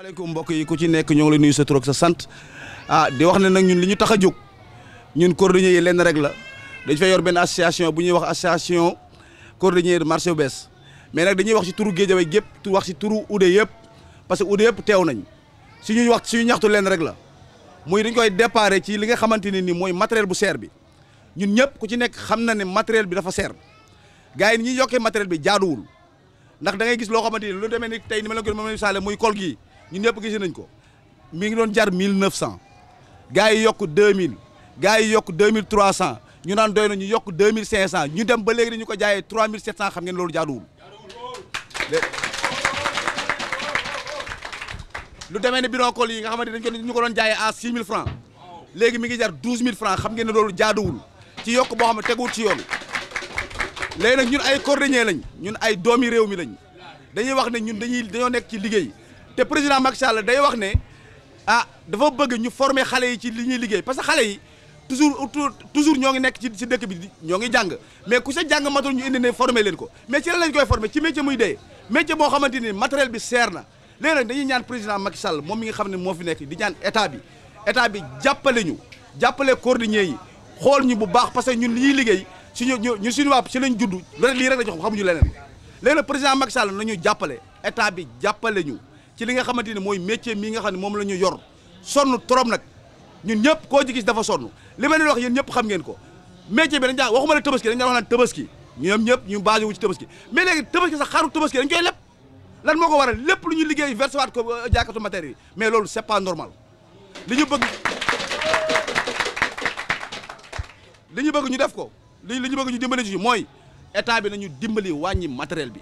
asalaamaaleykum mbokk yi ku ci nekk ñoo ngi lay sa tur ak sant ah, di wax ne nag ñun li ñu tax a jóg ñun cordonnier yi lenn rek la dañ fay yor benn association bu ñuy wax association cordonnier marché bu bees mais nag dañuy wax ci turu Guédiawaye gépp tu wax si turu ude yëpp parce que ude yëpp teew nañ suñuy wax suñu ñaxtu lenn rek la muy dañ koy déparé ci li nga xamante ne ni mooy matériel bu seer bi ñun ñëpp ku ci nekk xam na ne matériel bi dafa seer gars yi ni ñuy yokkee matériel bi jaaduwul ndax da ngay gis loo xamante ni lu demee ni tey ni ma la gën moom la misaale muy kol gii ñun ñëpp gis nañ ko mi ngi doon jar mille neuf cent gars yi yokk deux mille gars yi yokk deux mille trois cent ñu naan doy na ñu yokk deux mille cinq cent ñu dem ba léegi ñu ko jaayee trois mille sept cent xam lu demee ne binocole yi nga xamante dañ ko ñu ko doon jaayee à six mille léegi mi ngi jar douze mille francs xam ngeen ne loolu jaaduwul ci yokk boo xam ne teguwul ci yoon léegi nag ñun ay cordonniers lañ ñun ay doomi réew mi lañ dañuy wax ne ñun dañuy dañoo nekk ci liggéey te président Macky Sall day wax ne ah dafa bëgg ñu forme xale yi ci li ñuy liggéey parce que xale yi toujours toujours ñoo ngi nekk ci ci dëkk bi ñoo ngi jàng mais ku sa jàng matul ñu indi ne former leen ko mais ci lan lañ koy former ci métier muy dee métier boo bi seer na léegi nag ñaan président Macky Sall moom mi ngi xam ne moo fi nekk di ñaan état bi état bi jàppale ñu jàppale cordonniers yi xool ñu bu baax parce que ñun li ñuy liggéey suñu ñu suñu waab si lañ judd lii rek la xam xamuñu leneen léegi nag président Macky Sall jàppale état bi jàppale ñu ci li nga xamante ni mooy métier mii nga xam ne moom la ñu yor sonn trop nag ñun ñëpp koo ci gis dafa sonn li ma leen yéen ñëpp xam ngeen ko métier bi dañ daan waxuma la tabaski dañ daan wax naan tabaski ñoom ñëpp ñu basé wu ci tabaski mais léegi tabaski sax xaru tabaski dañ koy lépp lan moo ko waral lépp lu ñu liggéey versé waat ko jaakatu matériel yi mais loolu c'est pas normal li ñu bëgg ñu bëgg ñu def ko li ñu bëgg ñu dimbali ci mooy état bi nañu dimbali wàññi matériel bi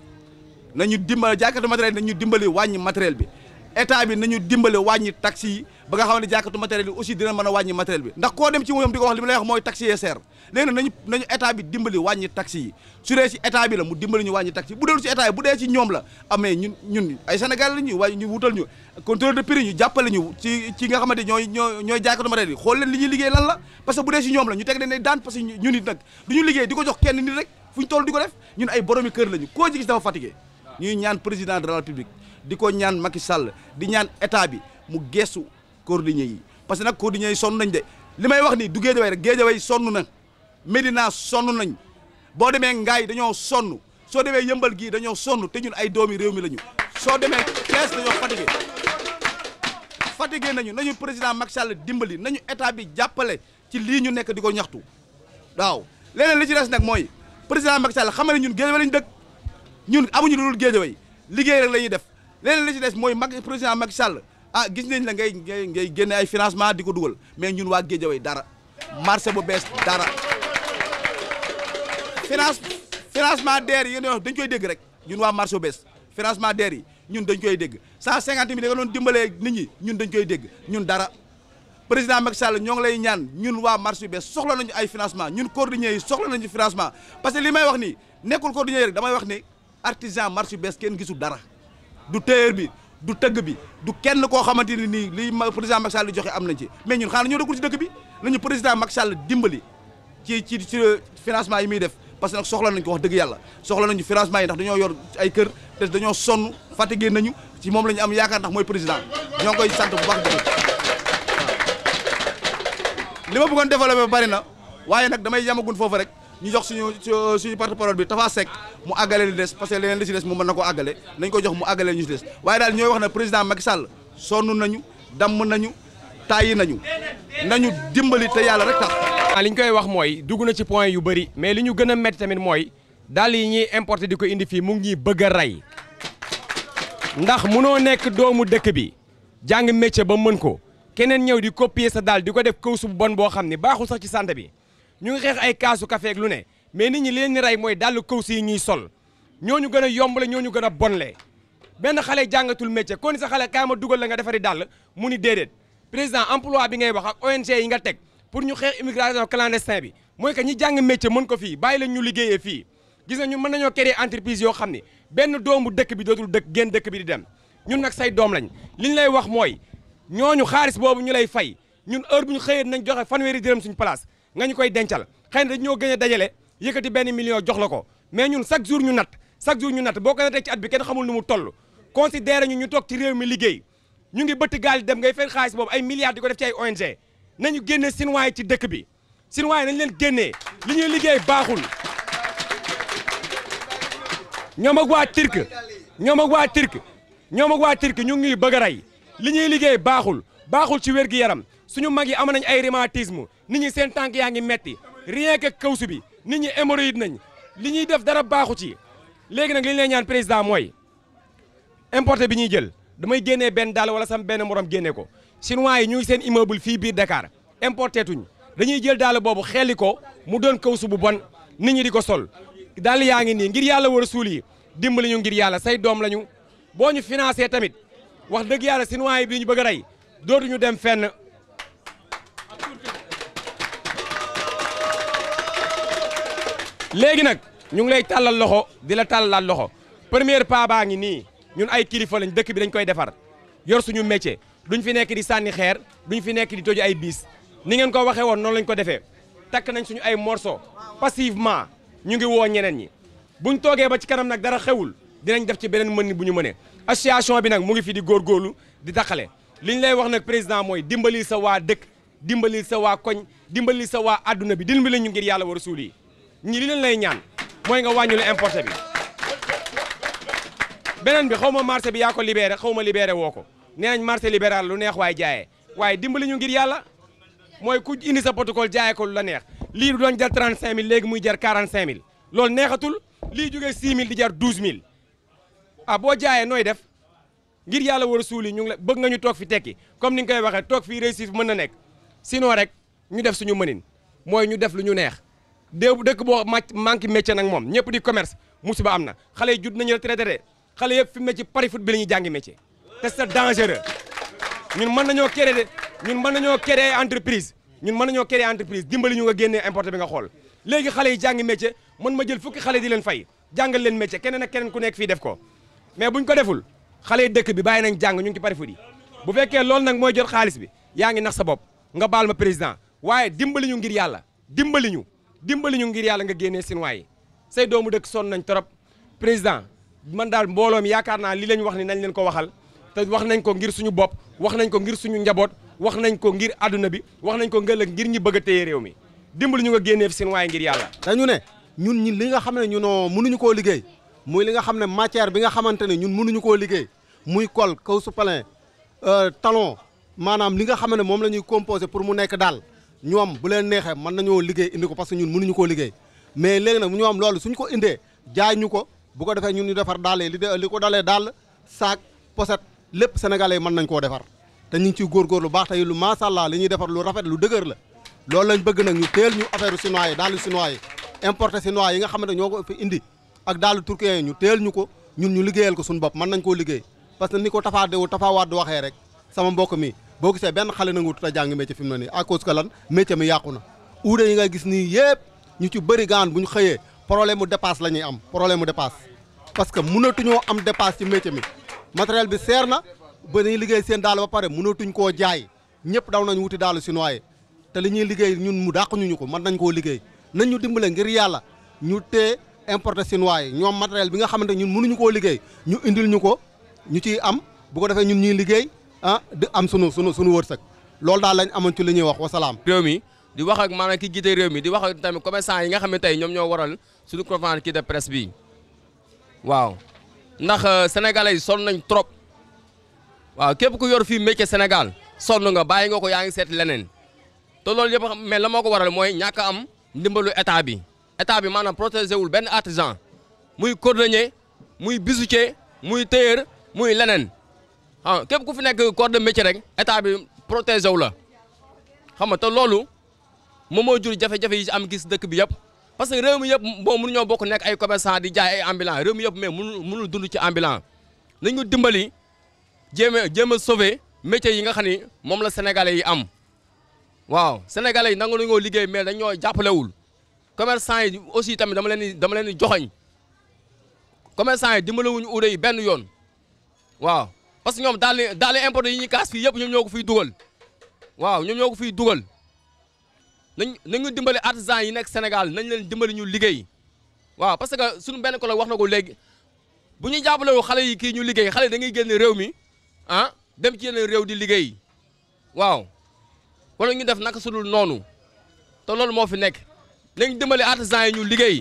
nañu dimbali jàkkatu matériel bi nañu dimbali matériel bi état nañu dimbali wàññi taxi yi ba nga xam ne matériel bi aussi dina mën a wàññi matériel bi ndax koo dem ci moom di ko wax li mu lay wax mooy taxi yee seer dimbali wàññi taxi yi su dee ci état bi bu dee ci état yi bu dee ci ñoom la amee ah, ñun ñu waaye ñu ñu contrôle de ñu jàppale ñu ci ci nga xamante ñooy ñooy ñooy jàkkatu matériel bi xool leen li liggéey lan parce que bu dee ci ñoom la ñu teg leen ne daan parce que ñun it nag du ñu liggéey di ko jox kenn nit rek fu ñu toll di ko def ñun ay boromi kër lañu koo ci gis dafa fatigué ñuy ñaan président de la république di ko ñaan Macky Sall di ñaan état bi mu geesu coordonné yi parce que nag coordonné yi sonn nañ de li may wax nii du Géejawaay rek Géejawaay sonn na Médina sonn nañ boo demee Ngaay dañoo sonn soo demee yëmbal gii dañoo sonn te ñun ay doomi réew mi lañu soo demee Thiès dañoo fatigué fatigué nañu nañu président Macky Sall dimbali nañu état bi jàppale ci lii ñu nekk di ko ñaxtu waaw leneen li ci des nag mooy président Macky Sall xam ne ñun Géejawaay lañu dëkk. ñun amuñu lu dul géejaway liggéey rek la ñuy def leneen li ci des mooy mag président Macky Sall ah gis nañ la ngay ngay ngay génne ay financement di ko dugal mais ñun waa géejaway dara marché bu bees dara finance financement DER yi ngeen dañ koy dégg rek ñun waa marché bu bees financement DER yi ñun dañ koy dégg cent cinquante mille da nga doon dimbalee nit ñi ñun dañ koy dégg ñun dara président Macky Sall ñoo ngi lay ñaan ñun waa marché bu bees soxla nañu ay financement ñun coordonniers yi soxla nañu financement parce que li may wax nii nekkul coordonnier rek damay wax ni artisan marché bees kenn gisul dara du téyeer bi du tëgg bi du kenn koo xamante ni nii li président Macky Sall di joxe am nañ ci mais ñun xanaa ñoo dëkkul si dëgg bi nañu président Macky Sall dimbali ci ci ci financement yi muy def parce que nag soxla nañ ko wax dëgg yàlla soxla nañu financement yi ndax dañoo yor ay kër dañoo sonn fatigué nañu ci moom la ñu am yaakaar ndax mooy président ñoo ngi koy sant bu baax dëgg li ma bëggoon développé ba bari na waaye nag damay yamagun foofu rek ñu jox suñu euh, suñu porte-parole bi Tafa Seck mu àggale li des parce que leneen li si des mu mën na ko àggale nañ ko jox mu àggale ñu si des waaye daal ñooy wax ne président Macky sonn nañu damm nañu tàyyi nañu nañu dimbali te yàlla rek tax. li ñu koy wax mooy dugg na ci point yu bëri mais li ñu gën a métti tamit mooy daal yi ñuy importé di ko indi fii mu ngi bëgg a rey ndax munoo nekk doomu dëkk bi jàng métier ba mën ko keneen ñëw di copier sa daal di ko def kaw su boo xam ne baaxul sax ci santé bi. ñu ngi xeex ay kaasu café lu ne mais ni ñu leen di rey mooy dàll kawsi yi ñuy sol ñooñu gën a yomb yombale ñooñu gën a bon bonle benn xale jàngatul métier kon sa xale kaay ma dugal la nga defari dàll mu ni déedéet président emploi bi ngay wax ak ONG yi nga teg pour ñu xeex immigration clandestin bi mooy que ñi jàng métier mën ko fii bàyyi lañ ñu liggéeyee fii gis na ñu mën nañoo créer entreprise yoo xam ni benn doomu dëkk bi dootul dëkk génn dëkk bi di dem ñun nag doom lañ li ñu lay wax mooy ñooñu xaalis boobu ñu lay fay ñun heure bu ñu xëyee nañ joxe fanweeri dërëm suñu place nga ñu koy dencal xëy na dañ ñoo gën a dajale yëkkati benn million jox la ko mais ñun chaque jour ñu nat chaque jour ñu nat boo ko natee ci at bi kenn xamul nu mu toll considéré ñu ñu toog ci réew mi liggéey ñu ngi bëtt gaal dem ngay fay xaalis boobu ay milliards di ko def ci ay ONG nañu génne Sinois yi ci dëkk bi Sinois yi nañ leen génnee li ñuy liggéey baaxul ñoom ak waa Turc ñoom ak waa ñoom ak waa Turc ñu ngi bëgg a li ñuy liggéey baaxul baaxul ci wér-gi-yaram suñu mag yi am nañ ay rhumatisme ni ñi seen tànk yaa ngi metti rien que kawsu bi nit ñi hémorroïde nañ li ñuy def dara baaxu ci léegi nag li ñu lay ñaan président mooy importé bi ñuy jël damay génnee benn daal wala sam benn morom génne ko chinois yi ñu ngi seen immeuble fii biir dakaar importé tuñ dañuy jël daal boobu xeeli ko mu doon kawsu bu bon nit ñi di ko sol daal yaa ngi nii ngir yàlla war a suul yi dimbali ñu ngir yàlla say doom lañu boo ñu financé tamit wax dëgg yàlla chinois yi ñu bëgg a rey léegi nag ñu ngi lay tàllal loxo di la tàllal loxo première pas baa ngi nii ñun ay kilifa lañ dëkk bi dañ koy defar yor suñu métier duñ fi nekk di sànni xeer duñu fi nekk di toju ay biis ni ngeen ko waxee woon noonu lañ ko defee takk nañ suñu ay morceau passivement ñu ngi woo ñeneen ñi buñ toogee ba ci kanam nag dara xewul dinañ def ci beneen mën bu ñu mënee association bi nag mu ngi fi di góor góorlu di taxale li ñu lay wax nag président mooy dimbalil sa waa dëkk dimbalil sa waa koñ dimbalil sa adduna bi dimbali ñu ngir yàlla war a suul yi ñi li leen lay ñaan mooy nga wàññi lu importé bi beneen bi xaw ma marché bi yaa ko libéré xaw ma libéré woo ko nee nañ marché lu neex waaye jaayee waaye dimbali ñu ngir yàlla mooy ku indi sa protocole jaayee ko la neex lii du doon jar 35000 léegi muy jar 45000 loolu neexatul lii jógee 6000 di jar 12000 ah boo jaayee nooy def ngir yàlla war a suul ñu bëgg nga ñu toog fi tekki comme ni nga koy waxee toog fii réussite mën na nekk sinon rek ñu def suñu mënin mooy ñu def lu ñu neex. déew dëkk boo màcc manque métier nag moom ñëpp di commerce musiba am na xale yi judd nañu retraité de xale yëpp fi métier pari foot bi la ñuy jàngi métier te c'est dangereux ñun mën nañoo créer de ñun mën nañoo créer entreprise ñun mën nañoo créer entreprise dimbali ñu nga génne importé bi nga xool léegi xale yi jàngi métier mën ma jël fukki xale di leen fay jàngal leen métier keneen ak keneen ku nekk fii def ko mais buñ ko deful xale yi dëkk bi bàyyi nañ jàng ñu ngi ci pari foot bu fekkee loolu nag mooy jot xaalis bi yaa ngi nax sa bopp nga baal ma président waaye dimbali ñu ngir yàlla dimbali ñu dimbali ñu ngir yàlla nga génnee Sinoa yi say doomu dëkk sonn nañ trop président man daal mbooloom yaakaar naa li lañu wax ni nañ leen ko waxal te wax nañ ko ngir suñu bopp wax nañ ko ngir suñu njaboot wax nañ ko ngir àdduna bi wax nañ ko ngëllëg ngir ñi bëgg a téye réew mi dimbali ñu nga génnee Sinoa yi ngir yàlla. dañu ne ñun ñi li nga xam ne ñun mënuñu koo liggéey muy li nga xam ne matière bi nga xamante ne ñun munuñu koo liggéey muy kol ka su palin euh, talon maanaam li nga ne moom la ñuy composé pour mu nekk daal ñoom bu leen neexee mën nañoo liggéey indi ko parce que ñun mënuñu koo liggéey mais léegi nag ñoom loolu suñ ko indee jaay ñu ko bu ko defee ñun ñu defar daal li li ko dalee daal saak poset lépp sénégalais yi mën nañ koo defar te ñu ngi ciy góorgóor lu baax tey lu macha allah li ñuy defar lu rafet lu dëgër la loolu lañ bëgg nag ñu teel ñu affaire chinois yi daal chinois yi importé chinois yi nga xamante ñoo ko fi indi ak daal turquien yi ñu teel ñu ko ñun ñu liggéeyal ko suñu bopp mën nañ koo liggéey parce que ni ko tafaadewu tafawaat du waxee rek sama mbokk mi boo gisee benn xale nanguwut a jàng métier fi mu ne nii à cause que lan métier mi yàqu na uude yi nga gis nii yëpp ñu ci bëri gaan bu ñu xëyee problème mu dépasse la ñuy am problème mu dépasse parce que mënatuñoo am dépasse ci métier mi matériel bi seer na ba dañuy liggéey seen daal ba pare mënatuñ koo jaay ñëpp daw nañu wuti daalu chinois yi te li ñuy liggéey ñun mu dàqu ñu ko mën nañ koo liggéey nañ ñu dimbale ngir yàlla ñu tee importé chinois yi ñoom matériel bi nga xamante ñun mënuñu koo liggéey ñu indil ñu ko ñu ciy am bu ko defee ñun ñuy liggéey ah di am sunu sunu sunu wërsëg loolu daal lañ amoon ci li ñuy wax wasalaam. réew mi di wax ak maanaam ki jiite réew mi di wax ak tamit commerçant yi nga xam ne tey ñoom ñoo waral suñu conférence kii de presse bi waaw ndax euh, sénégalais yi sonn nañ trop waaw képp ku yor fii métier Sénégal sonn nga bàyyi nga ko yaa ngi seet leneen te loolu yëpp mais la moo ko waral mooy ñàkk am ndimbalu état bi état bi maanaam protégé wul benn artisan muy cordonnier muy bijoutier muy tailleur muy leneen. ah képp ku fi nekk corps de métier rek état bi protégé wu la xam nga te loolu moom moo jur jafe-jafe yi am gis dëkk bi yëpp parce que réew mi yëpp boo mënu ñoo bokk nekk ay commerçant di jaay ay ambulants réew mi yëpp mais mënu mënul dund ci ambulant nañu dimbali jéem a jéem a sauver métier yi nga xam ni moom la sénégalais yi am waaw sénégalais yi nangu nañoo liggéey mais dañoo jàppalewul commerçant yi aussi tamit dama leen di dama leen di joxoñ commerçant yi dimbalewuñu uure yi benn yoon waaw parce ñoom daal di daal di importé yi ñuy kaas fii yëpp ñoom ñoo ko dugal waaw ñoom ñoo ko fiy dugal nañ nañu dimbali artisan yi nekk senegal nañ leen dimbali ñu liggéey waaw parce que suñu benn kolo wax na ko léegi bu ñu jàppalewul xale yi kii ñu liggéey xale da ngay génn réew mi ah dem ci yeneen réew di liggéey waaw wala ñu def naka sudul noonu te loolu moo fi nekk nañ dimbali artisan yi ñu liggéey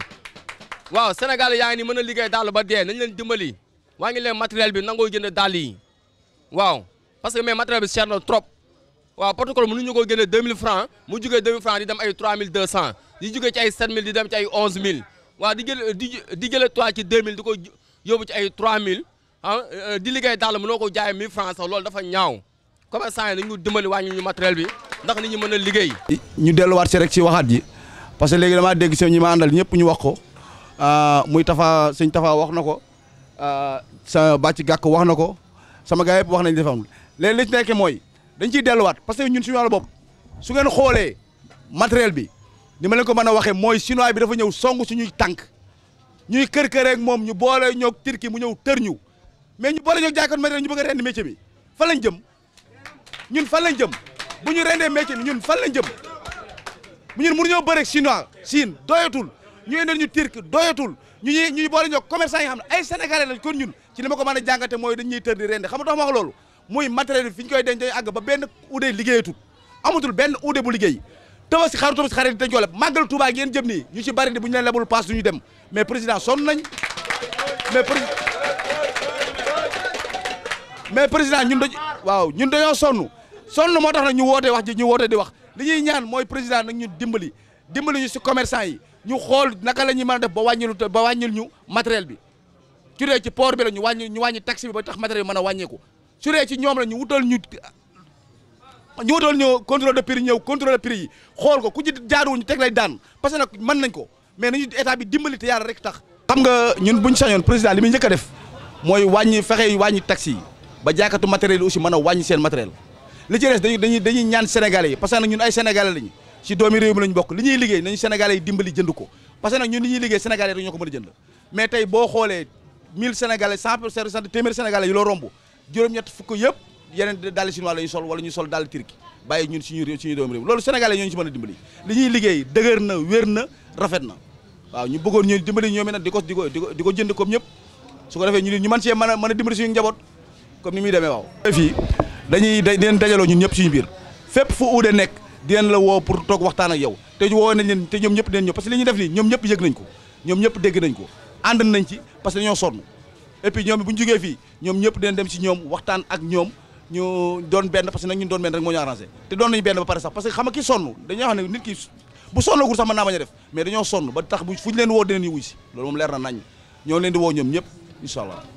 waaw Sénégal yaa ni mën a liggéey daal ba dee nañ leen dimbali waa ngi leen matériel bi nangoo jënd dàll yi waaw parce que mais matériel bi cher na trop waaw protocole mënuñu ko génne 2000 francs mu jugee 2000 francs di dem ay 3200 di jugee ci ay 7000 di dem ci ay 11000 waaw di jël di di jëlee toit ci 2000 di ko yóbbu ci ay 3000 mil ah, euh, di liggéey daal mënoo ko jaayee 1000 francs sax loolu dafa ñaaw commerçant yi nañu dimbali wàññi ñu matériel bi ndax nit ñi mën a liggéey. ñu delluwaat si rek ci waxaat ji parce que léegi damaa dégg si ñi ma àndal ñëpp ñu wax ko ah, muy tafa sëñ tafa wax na ko ah, sa bàcc gàkk wax na ko. sama gars yëpp wax nañ dafa am léegi li ci nekk mooy dañ ciy delluwaat parce que ñun suñu wàllu bopp su ngeen xoolee matériel bi ni ma leen ko mën a waxee mooy chinois bi dafa ñëw song suñuy tànk ñuy kër kër rek moom ñu boole ñoo turki mu ñëw tër ñu mais ñu boole ñoo jaaykat matériel ñu bëgg a rendi métier bi fan lañ jëm ñun fan lañ jëm bu ñu rendee métier bi ñun fan lañ jëm bu ñun mënuñoo bëre ak chinois Chine doyatul ñu indil ñu turki doyatul ñu ñuy ñu boole ñoo commerçant yi nga xam ay sénégalais lañ kon ñun ci li ma ko mën a jàngate mooy dañuy ñuy tër di rende xam nga tax wax loolu muy matériel bi fi ñu koy denc àgg ba benn uude liggéeyatul amatul benn uude bu liggéey tabaski xaru tabaski xarit dañ ko leb màggal Touba gi yéen jëm nii ñu si bari di bu ñu leen lebul paas duñu dem mais président sonn nañ mais mais président ñun dañ waaw ñun dañoo sonn sonn moo tax nag ñu woote wax ji ñu woote di wax li ñuy ñaan mooy président nag ñu dimbali dimbali ñu si commerçant yi ñu xool naka la ñuy mën def ba wàññil ba wàññil ñu matériel bi su dee ci bi la ñu wàññi ñu wàññi taxe bi ba tax matériel bi mën a wàññeeku su dee ci ñoom la ñu wutal ñu ñu wutal ñu contrôle de prix ñëw contrôle de xool ko ku ci jaaduwul ñu teg lay daan parce que mën nañ ko mais nañu état bi dimbali te yàlla rek tax. xam nga ñun buñ sañoon président li muy njëkk def mooy wàññi fexe wàññi taxe yi ba jaaykatu matériel yi wàññi seen matériel li ci des dañuy ñaan sénégalais yi parce que nag ñun ay sénégalais lañu ci doomi réew mi lañu bokk li ñuy liggéey nañu sénégalais yi dimbali jënd ko parce que nag ñun li ñuy liggéey sénégalais rek ñoo ko mën a jënd mais tey boo xoolee mille sénégalais cent pour cent téeméer sénégalais yi loo romb juróom-ñett fukk yëpp yeneen dali chinois la ñuy sol wala ñu sol dal turki bàyyi ñun suñu suñu doomu réew loolu sénégalais ñoo ñu si mën a dimbali li ñuy liggéey dëgër na wér na rafet na waaw ñu bëggoon ñu dimbali ñoom di ko di ko di ko jënd ko defee ñu ñu mën cee mën a mën a dimbali suñu njaboot comme ni muy demee waaw fii dañuy dinañ dajaloo ñun ñëpp ñu biir fépp fu uude nekk dinañ la woo pour toog waxtaan ak yow te woo nañ leen te ñoom ñëpp dinañ ñëw parce que li def nii ñoom ñëpp yëg nañ ko ñoom ñëpp dégg nañ ko nañ ci parce que dañoo sonn et puis ñoom bu ñu jógee fii ñoom ñëpp dinañ dem ci ñoom waxtaan ak ñoom ñu doon benn parce que nag ñun doon benn rek moo ñu arrangé te doon nañu benn ba sax parce que ki sonn dañuy wax ne nit ki bu sonnagul sax mën naa bañ a def mais dañoo sonn ba tax bu fu ñu leen woo dinañu wuy si loolu moom leer na nañ ñoo leen di woo ñoom ñëpp incha allah